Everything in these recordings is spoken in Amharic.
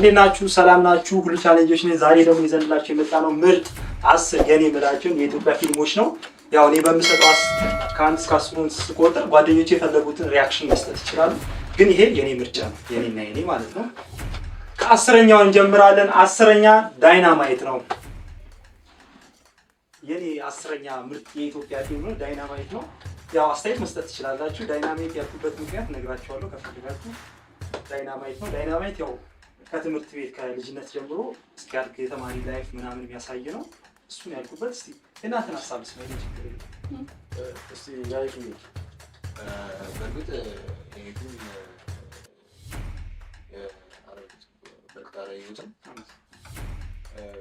እንዴት ናችሁ? ሰላም ናችሁ? ሁሉ ቻሌንጆች ነኝ። ዛሬ ደግሞ ይዘንላችሁ የመጣ ነው ምርጥ አስር የኔ የምላቸውን የኢትዮጵያ ፊልሞች ነው። ያው እኔ በምሰጠው ከአንድ እስከ አስሩን ስቆጥር ጓደኞቼ የፈለጉትን ሪያክሽን መስጠት ይችላሉ። ግን ይሄ የኔ ምርጫ ነው፣ የኔና የኔ ማለት ነው። ከአስረኛው እንጀምራለን። አስረኛ ዳይናማይት ነው። የኔ አስረኛ ምርጥ የኢትዮጵያ ፊልም ነው፣ ዳይናማይት ነው። ያው አስተያየት መስጠት ትችላላችሁ። ዳይናማይት ያልኩበት ምክንያት ነግራችኋለሁ ከፈለጋችሁ። ዳይናማይት ነው። ዳይናማይት ያው ከትምህርት ቤት ከልጅነት ጀምሮ እስኪያድግ የተማሪ ላይፍ ምናምን የሚያሳይ ነው። እሱን ያልኩበት እስኪ እናትን ሀሳብ ስ ችግር እስቲ ያይክ በእርግጥ ይህን የአረቢት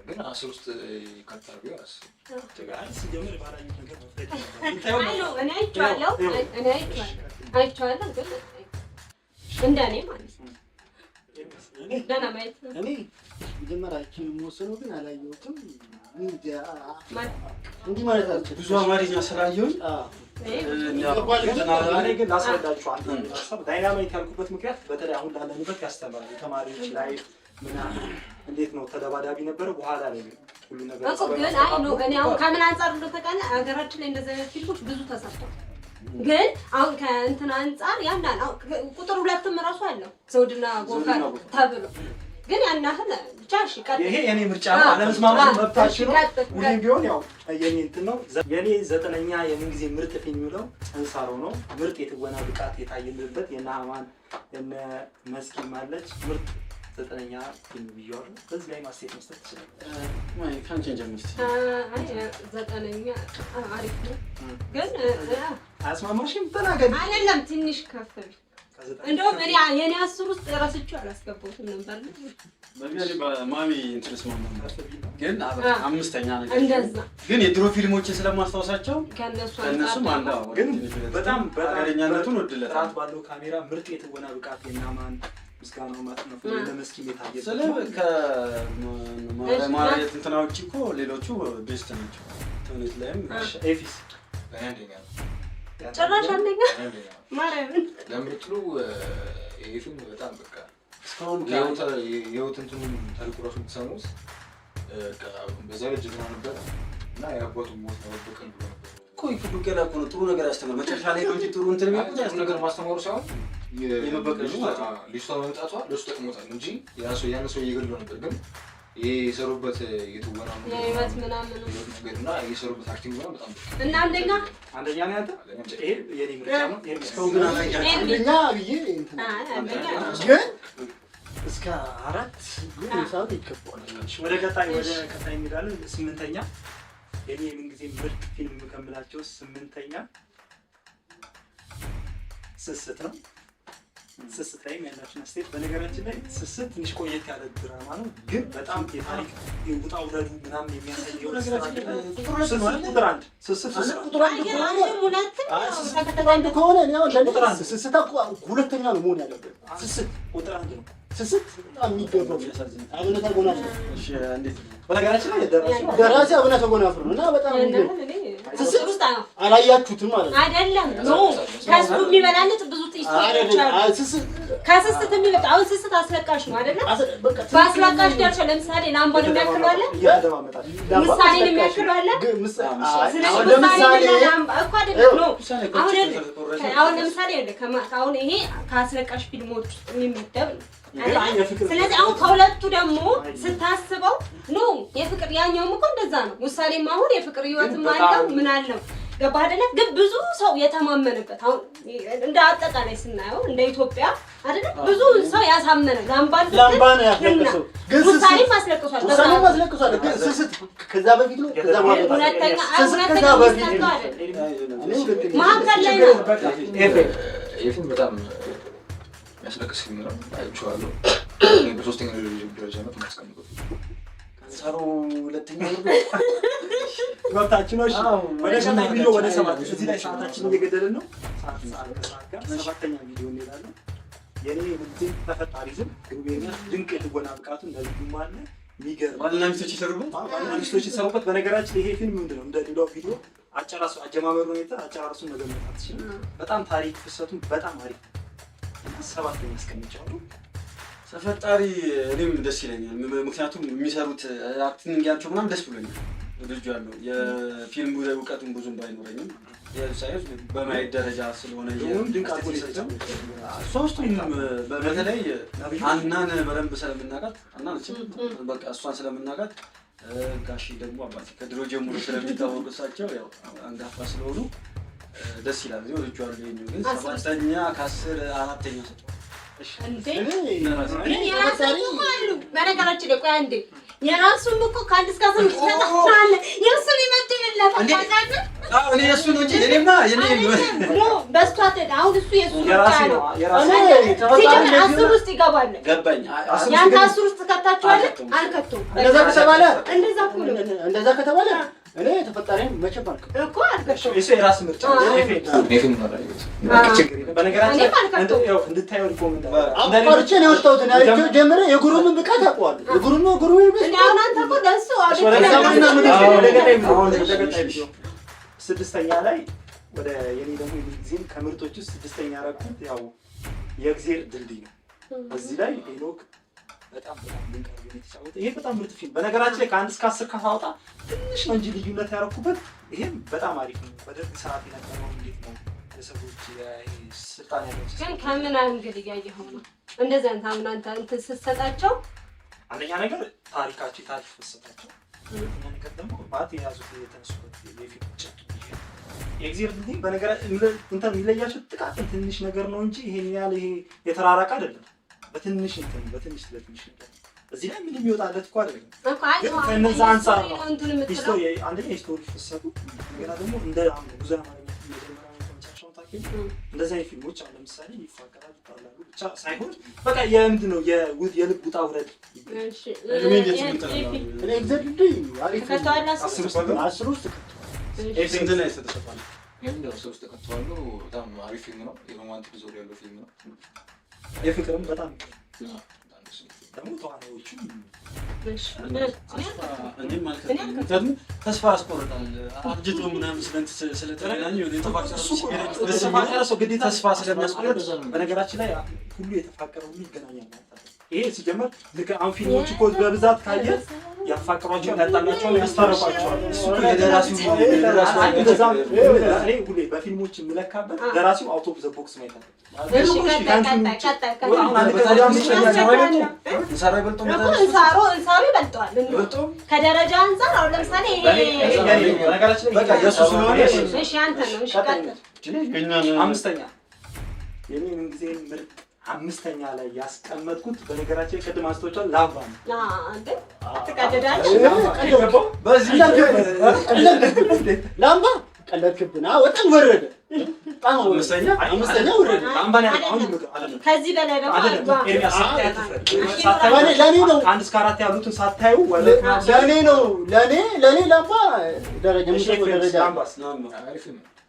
ግን አስር ውስጥ ይከታል ቢሆን አስር ሲጀምር ባህላዊ እኔ አይቼዋለሁ፣ እኔ አይቼዋለሁ፣ አይቼዋለሁ ግን እንደኔ ማለት ነው እኔ መጀመሪያችን የምወሰነው ግን አላየሁትም። እንዲህ ማለት አልችልም። ብዙ አማርኛ ስላየሁኝ ግን ላስረዳችሁ ዳይናማይት ያልኩበት ምክንያት በተለይ አሁን ላለንበት ያስተምራል። የተማሪዎች ላይ ምናምን እንዴት ነው ተደባዳቢ ነበረ በኋላ ላይ ሁሉ ነገር ግን አይ ነው እኔ አሁን ከምን አንጻር እንደተቃለ ሀገራችን ላይ እንደዚህ አይነት ፊልሞች ብዙ ተሰርተዋል። ግን አሁን ከእንትን አንጻር ያን ቁጥር ሁለትም እራሱ አለው ዘውድና ጎፈር ተብሎ ግን ያናህል ብቻ እሺ፣ ቀጥል። ይሄ የኔ ምርጫ ነው። አለመስማማት መብታችሁ ነው። ይህ ቢሆን ያው የኔ እንትን ነው። የኔ ዘጠነኛ የምንጊዜ ምርጥ ፊልም የሚውለው ጽንሳሮ ነው። ምርጥ የትወና ብቃት የታየልበት የነ አማን የነ መስኪም አለች ምርጥ ዘጠነኛ ፊልም ብያዋር በዚህ ላይ ማስሄድ መስጠት ትችላለህ። ከአንቺ እንጀምር። ዘጠነኛ አሪፍ ነው ግን አያስማማሽም? ተናገሪ። አይደለም ትንሽ ከፍል እንደውም እኔ የኔ አስር ውስጥ ረስቼው አላስገባሁትም ነበር። ማሚ ግን አምስተኛ ነገር ግን የድሮ ፊልሞችን ስለማስታወሳቸው ከእነሱም አንዱ ግን በጣም በጣም ጥራት ባለው ካሜራ ምርጥ የትወና ብቃት የናማን ምስጋናው ስለ ሌሎቹ ቤስት ናቸው። ጭራሽ አንደኛ ለምትሉ ይሄ ፊልም በጣም በቃ እስካሁን የህይወት እንትኑን ታሪኩ ራሱ በዛ ልጅ ነበር እና የአባቱ ሞት ነው በቀል ብሎ እኮ ይፍዱ እኮ ነው ጥሩ ነገር ያስተምር መጨረሻ ላይ ነው እንጂ ጥሩ እንትን ነገር ማስተማሩ ሳይሆን የመበቀል ልጅቷ መምጣቷ ለሱ ጠቅሞታል እንጂ ያን ሰው እየገድለው ነበር። ግን ይሄ የሰሩበት የትወና ምናምንና የሰሩበት አክቲንግ እስከ አራት ሰዓት ይገባዋል። ወደ ቀጣይ ወደ ቀጣይ እንሄዳለን ስምንተኛ ለእኔ የምንጊዜ ምርጥ ፊልም ከምላቸው ስምንተኛ ስስት ነው። ስስት ላይም ያላችሁን አስተያየት። በነገራችን ላይ ስስት ትንሽ ቆየት ያለ ድራማ ነው፣ ግን በጣም የታሪክ ውጣ ውረዱ ምናምን የሚያሳየው ከሆነ ስስት ሁለተኛ ነው መሆን ያለበት። ስስት ቁጥር አንድ ነው። ስስት በጣም የሚገባው በነገራችን ላይ ደራሲ አብነ ተጎናፍር ነው እና በጣም አላያችሁትም ማለት አይደለም ነው ከሱ የሚበላለጥ ብዙ ከስስት የሚበጣ አሁን ስስት አስለቃሽ ነው አይደለም። በአስለቃሽ ደርሶ ለምሳሌ ላምቦን የሚያክሉ አለ፣ ምሳሌን የሚያክሉ አለ። አሁን ለምሳሌ አሁን ይሄ ከአስለቃሽ ፊልሞች የሚመደብ ነው ስለዚህ አሁን ከሁለቱ ደግሞ ስታስበው ኖ የፍቅር ያኛውም እኮ እንደዛ ነው። ውሳኔም አሁን የፍቅር ህይወትም አለው ምን አለው ገባ አደለ? ግን ብዙ ሰው የተማመነበት አሁን እንደ አጠቃላይ ስናየው እንደ ኢትዮጵያ አደለ? ብዙ ሰው ያሳመነ ላምባን ላምባን ያስለቅሰው ግን ውሳኔም አስለቅሷል። ውሳኔም አስለቅሷል። ግን ስስት ከዛ በፊት ነው ከዛ ማለት ነው። ሁለተኛ ሁለተኛ መሀከል ላይ ነው። በጣም የሚያስለቅስ የሚለው አይቼዋለሁ። በሶስተኛ ደረጃ ነው ማስቀምጠው ሰሩ ሁለተኛ መብታችን ነው። ወደ ሰባት እዚህ ላይ ሰዓታችን እየገደልን ነው። ሰባተኛ ቪዲዮ እንሄዳለን። የኔ ምንድን ተፈጣሪ ዝም ግሩቤኛ ድንቅ የትወና ብቃቱ እንደልቡም አለ። የሚገርም ባልና ሚስቶች ይሰሩበት፣ ባልና ሚስቶች ይሰሩበት። በነገራችን ይሄ ፊልም ምንድን ነው እንደ ሌላው ቪዲዮ አጨራረሱ አጀማመሩ ሁኔታ አጨራረሱን መገመት አትችልም። በጣም ታሪክ ፍሰቱን በጣም አሪፍ ሰባተኛ እስከሚጫሉ ተፈጣሪ እኔም ደስ ይለኛል። ምክንያቱም የሚሰሩት አክቲንጊያቸው ምናምን ደስ ብሎኛል። ልጁ ያለው የፊልም እውቀቱን ብዙም ባይኖረኝም ሳይንስ በማየት ደረጃ ስለሆነ ሶስቱም በተለይ አናን በደንብ ስለምናውቃት አናን በቃ እሷን ስለምናውቃት ጋሽ ደግሞ አባቴ ከድሮ ጀምሮ ስለሚታወቁ እሳቸው ያው አንጋፋ ስለሆኑ ደስ ይላል። እዚህ ወድጄዋለሁ። ይሄኛው ግን ሰባተኛ ከአስር አራተኛ ሰጡ። እኮ ከአንድ እስከ የእሱን የእሱ ነው እንጂ በስቷት አሁን እሱ የእሱ ነው። አስር ውስጥ ይገባል። ገባኝ። ያንተ አስር ውስጥ እንደዛ ከተባለ እንደዛ ከተባለ እኔ ተፈጣሪን ብቃት አውቀዋለሁ። የጉሩም ጉሩም ስድስተኛ ላይ ወደ የኔ ደግሞ ጊዜም ከምርቶች ውስጥ ስድስተኛ ያው የእግዜር ድልድይ ነው። እዚህ ላይ ሄኖክ በጣም በጣም ድንቅ ነው የተጫወተ። ይሄ በጣም ምርጥ ፊልም በነገራችን ላይ ከአንድ እስከ አስር ካሳወጣ ትንሽ ነው እንጂ ልዩነት ያደረኩበት። ይሄም በጣም አሪፍ ነው። በደርግ ሰዓት የነበረው እንዴት ነው ሰዎች ስልጣን ያለች ግን ከምን አንግል እያየኸው ነው እንደዚህ አይነት አምናንተ እንትን ስትሰጣቸው አንደኛ ነገር ታሪካቸው የታሪክ ፍሰታቸው፣ ሁለተኛ ነገር ደግሞ ባት የያዙት የተነሱበት የፊልም ጭጥ የእግዚአብሔር ድልድይ በነገራ እንትን ይለያቸው ጥቃቅን ትንሽ ነገር ነው እንጂ ይሄን ያህል ይሄ የተራራቀ አይደለም። በትንሽ እንትን በትንሽ ለትንሽ እንትን እዚህ ላይ ምንም ይወጣለት እኮ አይደለም። ግን ከነዛ አንፃር ነው ሂስቶሪ አንደኛ ሂስቶሪ ፍሰቱ ገና ደግሞ እንደ አሁን ብዙ አማርኛ መጀመሪያ የተመቻቸውን ታኪም እንደዚህ ፊልሞች አሁን ለምሳሌ ይፋቀራል ይባላሉ ብቻ ሳይሆን በቃ የምንድን ነው የውድ የልብ ውጣ ውረድ አስር ውስጥ ከተዋል በጣም አሪፍ ፊልም ነው። የሮማንቲክ ዞር ያለው ፊልም ነው። የፍቅርም በጣም ደግሞ ተዋናዮችም ተስፋ ያስቆርጣል። አርጅቶ ተስፋ ስለሚያስቆርጥ በነገራችን ላይ ሁሉ የተፋቀረው ሁሉ ይገናኛል። ይሄ ሲጀመር ልክ አንፊልሞች እኮ በብዛት ካየህ ያፋቅሯቸው ያጣላቸው ያስታረቋቸዋል። በፊልሞች የምለካበት ደራሲው አውቶ ዘ ቦክስ ማየት ከደረጃ አንፃር አሁን ለምሳሌ አምስተኛ የኔ ምንጊዜ ምርጥ አምስተኛ ላይ ያስቀመጥኩት በነገራችን ላይ ቅድም አስተውቻል። ላባ ላምባ ቀለድክብና ወረደ። ነው። እስከ አራት ያሉትን ሳታዩ ለእኔ ነው። ለእኔ ለእኔ ላምባ ደረጃ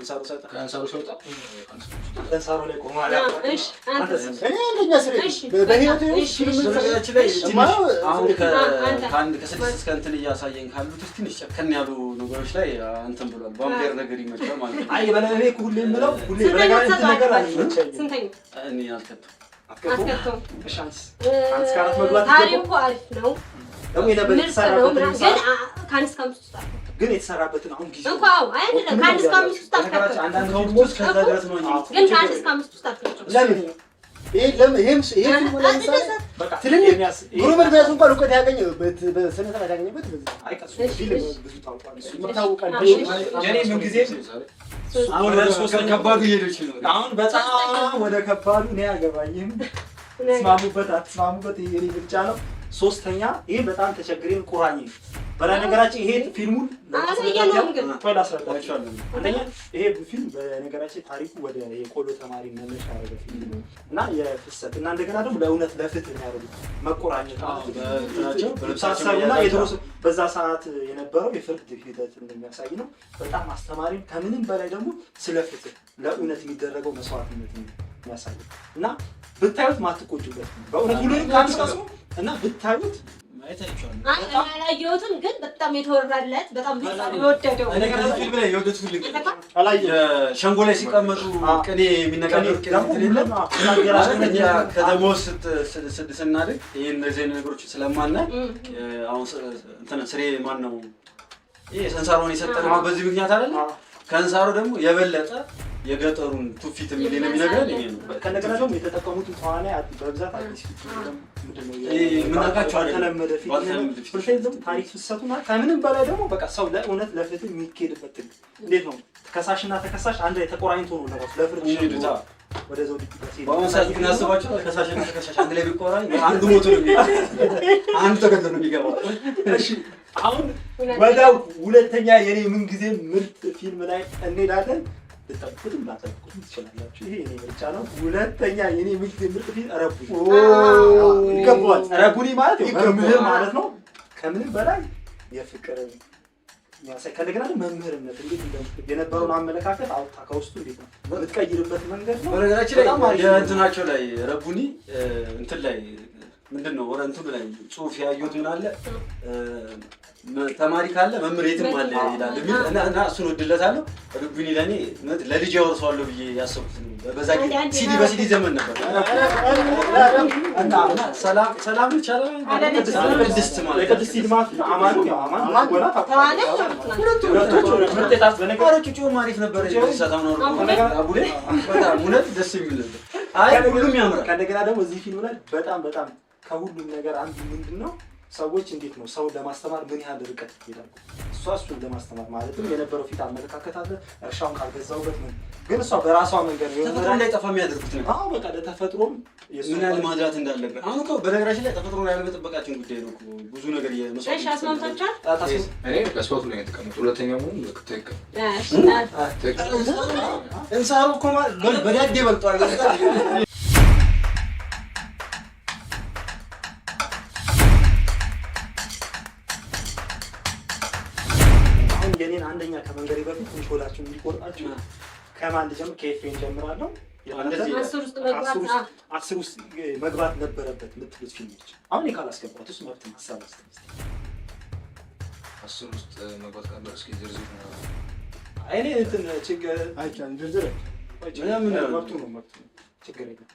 እንሳሩ ከአንድ ከስድስት እስከ እንትን እያሳየን ካሉት ትንሽ ጨከን ያሉ ነገሮች ላይ እንትን ብሏል። ባምር ነገር ይመጣል ማለት ነው። አይ በለኔ ሁሌ የምለው ሁሌ ነገር እኔ አልከተውም አትከተውም። አንስ ከአራት መግባት አሪፍ ነው። ግን የተሰራበትን አሁን ጊዜ እንኳን አዎ፣ አይደለም ከአንድ እስከ አምስት ውስጥ አትከፍልም። አንዳንድ ውስጥ ከዛ ድረስ ነው የሚያውቁት። ግን ከአንድ እስከ አምስት ውስጥ አትከፍልም። ለምን? ይሄ ለምን? በቃ እንኳን ያገኘ አሁን በጣም ወደ ከባዱ እኔ አያገባኝም። ስማሙበት አትስማሙበት የኔ ነው። ሶስተኛ ይህ በጣም ተቸግሬን ቁራኝ በነገራችን ይሄ ፊልሙን አንደኛ ይሄ ፊልም በነገራችን ታሪኩ ወደ የቆሎ ተማሪ መነሻ ያደረገ ፊልም ነው እና የፍሰት እና እንደገና ደግሞ ለእውነት ለፍትህ ያደረጉት መቆራኘት በዛ ሰዓት የነበረው የፍርድ ሂደት እንደሚያሳይ ነው። በጣም ከምንም በላይ ደግሞ ስለ ፍትህ ለእውነት የሚደረገው መስዋዕትነት የሚያሳይ እና ብታዩት ማትቆጩበት በእውነት ሁሉንም እና ብታዩት አላየሁትም፣ ግን በጣም የተወራለት በጣም የወደደው ሸንጎ ላይ ሲቀመጡ ቅኔ የሚነጋገሩት ከተማ ስናድግ ይህ እነዚህ ነገሮች ስሬ ማን ነው ይህ ሰንሳሮን በዚህ ምክንያት አይደለ ከእንሳሮ ደግሞ የበለጠ የገጠሩን ቱፊት የሚል የሚነግረን ይሄ ነው። ከእንደገና ደግሞ የተጠቀሙት ተዋናያን በብዛት አዲስ ምናቃቸው አልተለመደ ፊልም ታሪክ ፍሰቱና ከምንም በላይ ደግሞ በቃ ሰው ለእውነት ለፍትህ የሚካሄድበት ትግል እንዴት ነው ከሳሽና ተከሳሽ አንድ ላይ ተቆራኝቶ ነው ለራሱ ለፍርድ ሄዱታ ወደዛው በአሁኑ ሰዓት ግን ያስባቸው ከሳሽና ተከሳሽ አንድ ላይ ቢቆራኝ አንዱ ሞቶ ነው አንዱ ተገድሎ ነው የሚገባ። እሺ አሁን ወደ ሁለተኛ የኔ ምንጊዜ ምርጥ ፊልም ላይ እንሄዳለን። ልጠብቁትም ላጠብቁትም ትችላላችሁ። ይሄ እኔ ምርጫ ነው። ሁለተኛ የኔ ምርጥ ፊት ረቡኒ ይገባዋል። ረቡኒ ማለት መምህር ማለት ነው። ከምንም በላይ የፍቅር የሚያሳይ ከእንደገና መምህርነት እንዴት የነበረውን አመለካከት አውጥታ ከውስጡ እንዴት ነው የምትቀይርበት መንገድ ነው። በነገራችን ላይ የእንትናቸው ላይ ረቡኒ እንትን ላይ ምንድን ነው ወረንቱ ላይ ጽሁፍ ያዩት ምን አለ ተማሪ ካለ መምህር የትም አለ ይላል እና እሱን ወድለታለሁ። ርግቢኒ ለእኔ ለልጅ ያወርሰዋለሁ ብዬ ያሰብኩት በዛ ሲዲ በሲዲ ዘመን ነበር። ሰላም ይቻላል ነበር። አይ ሁሉም ያምራል። ከእንደገና ደግሞ እዚህ ፊልም ላይ በጣም በጣም ከሁሉም ነገር አንዱ ምንድን ነው ሰዎች እንዴት ነው ሰውን ለማስተማር ምን ያህል ርቀት ይሄዳሉ? እሷ እሱን ለማስተማር ማለትም የነበረው ፊት አመለካከት አለ። እርሻውን ካልገዛውበት ምን ግን እሷ በራሷ መንገድ ተፈጥሮ ላይ ጠፋ የሚያደርጉት ነው። አሁ በቃ ለተፈጥሮም ምን ያህል ማድራት እንዳለበት አሁን እኮ በነገራችን ላይ ተፈጥሮ ላይ ያለመጠበቃችን ጉዳይ ነው። ብዙ ነገር እየመሰለኝ አስማምታችኋል። እኔ በስፋቱ ነው የተቀመጡ ሁለተኛ መሆኑ ትክክል። እንሳሩ እኮ በዳዴ በልጧል። ሾላችሁ እንዲቆርጣችሁ ከማን ልጀምር? ከየት ጀምራለሁ። አስር ውስጥ መግባት ነበረበት የምትሉት ፊልሞች አሁን ካላስገባት ውስጥ መብት ሀሳብ አስተስ አስር ውስጥ መግባት ካለ እስኪ ዝርዝር እኔ እንትን ችግር አይቻልም። ዝርዝር ምናምን መብቱ ነው መብቱ ነው ችግር የለም።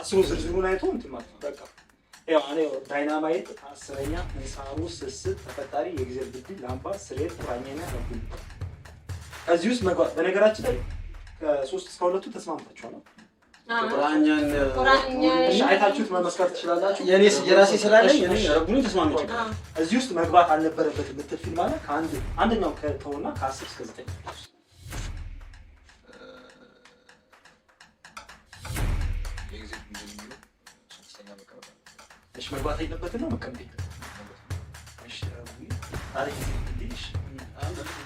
አስሩ ዝርዝሩን አይቶ እንትን ማለት ነው በቃ ዳይናማይት አስረኛ፣ እንሳሩ፣ ስስት፣ ተፈጣሪ፣ የእግዜር ድልድይ፣ ላምባ፣ ስሬት፣ ራኘና ረቡ እዚህ ውስጥ መግባት በነገራችን ላይ ከሶስት እስከ ሁለቱ ተስማምታችኋል። ቁርአኛን አይታችሁት መመስከር ትችላላችሁ። የራሴ ስላለኝ ረቡኒ ተስማምቼ እዚህ ውስጥ መግባት አልነበረበት የምትል ፊልም አለ። ከአንድ አንደኛው ከተውና ከአስር እስከ ዘጠኝ መግባት አይነበትና መቀመጥ የለበትም።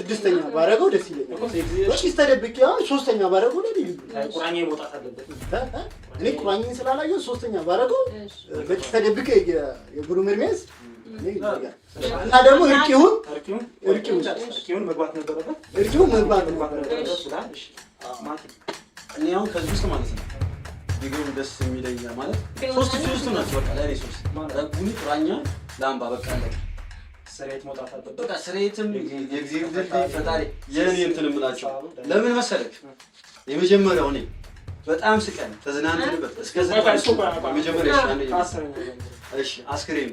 ስድስተኛ ባረገው ደስ ይለኛል። እሺ ተደብቄ ሶስተኛ ባረገው ላይ ልዩ እኔ ቁራኝን ስላላየሁ ሶስተኛ ባረገው ተደብቄ የግሩም እርሜስ እና ደግሞ እርቂሁን እርቂሁን መግባት ነበረበት። እርቂሁን መግባት እኔ አሁን ከዚህ ውስጥ ማለት ነው ዲግሪም ደስ የሚለኝ ማለት ሶስት ሶስት ናቸው። በቃ ለእኔ ሶስት ቡኒ ቁራኛ ለአምባ በቃ ስሬት መውጣት አለበት። በቃ ስሬትም የእግዚአብሔር ፈጣሪ የኔ እንትን የምላቸው ለምን መሰለህ? የመጀመሪያው እኔ በጣም ስቀን ተዝናንተንበት እስከ የመጀመሪያ አስክሬም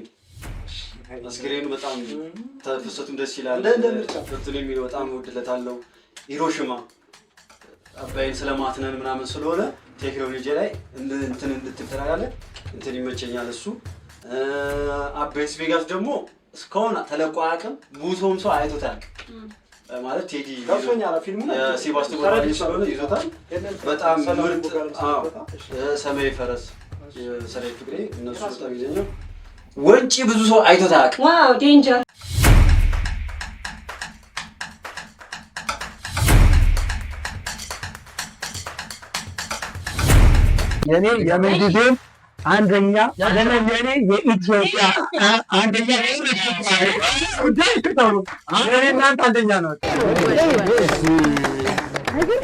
አስክሬም በጣም ፍሰቱም ደስ ይላል። እንትን የሚል በጣም እወድለታለሁ። ሂሮሽማ አባይን ስለማትነን ምናምን ስለሆነ ቴክኖሎጂ ላይ እንትን እንድትል ትላለህ። እንትን ይመቸኛል እሱ። አቤስ ቬጋስ ደግሞ እስካሁን ተለቆ አያውቅም። ብዙም ሰው አይቶታል ማለት ቴዲ ሴባስቶፖል ስለሆነ ይዞታል። በጣም ምርጥ ሰማያዊ ፈረስ ሰራዊት ፍቅሬ፣ እነሱ በጣም ይዘኛው ወንጪ ብዙ ሰው አይቶታል። ዋው ዴንጀር የኔ የምን አንደኛ ለኔ የኢትዮጵያ አንደኛ አንደኛ ነው።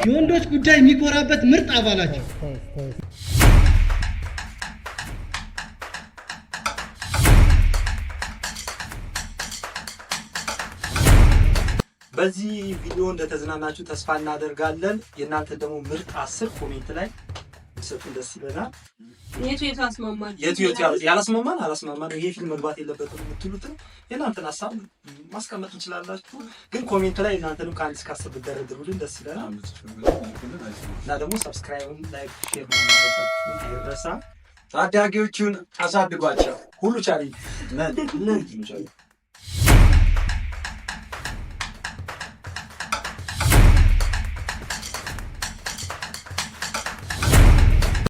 የወንዶች ጉዳይ የሚኮራበት ምርጥ አባላቸው በዚህ ቪዲዮ እንደተዝናናችሁ ተስፋ እናደርጋለን። የእናንተ ደግሞ ምርጥ አስር ኮሜንት ላይ ሰጡን ደስ ይለናል። የቱ የቱ አስማማል የቱ የቱ ያላስማማል አላስማማል ይሄ ፊልም መግባት የለበትም የምትሉትን የእናንተን ሀሳብ ማስቀመጥ እንችላላችሁ። ግን ኮሜንት ላይ እናንተንም ከአንድ እስከ አስር ደስ ይለናል። እና ደግሞ ላይክ፣ ሼር ታዳጊዎቹን አሳድጓቸው ሁሉ ቻሌንጅ